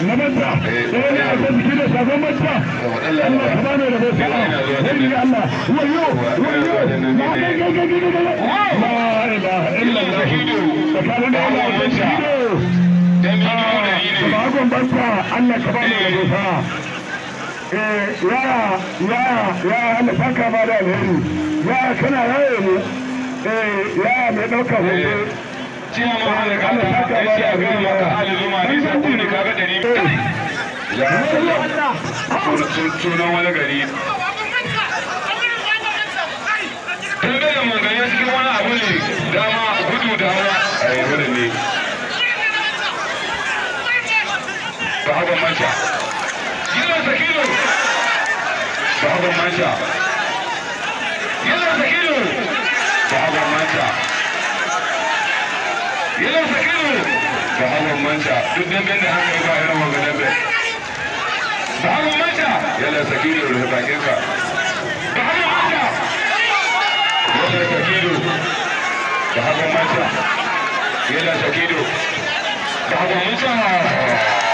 na manta da wani a kan jiki da sabon manta Allah ka bani da bai wani ya Allah wayo wayo ma kai kai kai kai kai la ilaha illallah tsakanin da Allah da shi ne ba gon Allah ka bani da bai sa'a eh ya ya ya Allah saka ba da alheri ya kana raye ne ya mai dauka hoto ciya ma Allah da alheri sunan wani gari tun cikin wani abu ne dama gudu a yi wani ne sakino ba haɓar manta yana sakino ba haɓar manta yana sakino duk da haka yi ba yana Muhammad Mata yana sakido da bakinsa Muhammad Mata yana sakido Muhammad Mata yana sakido Muhammad Mata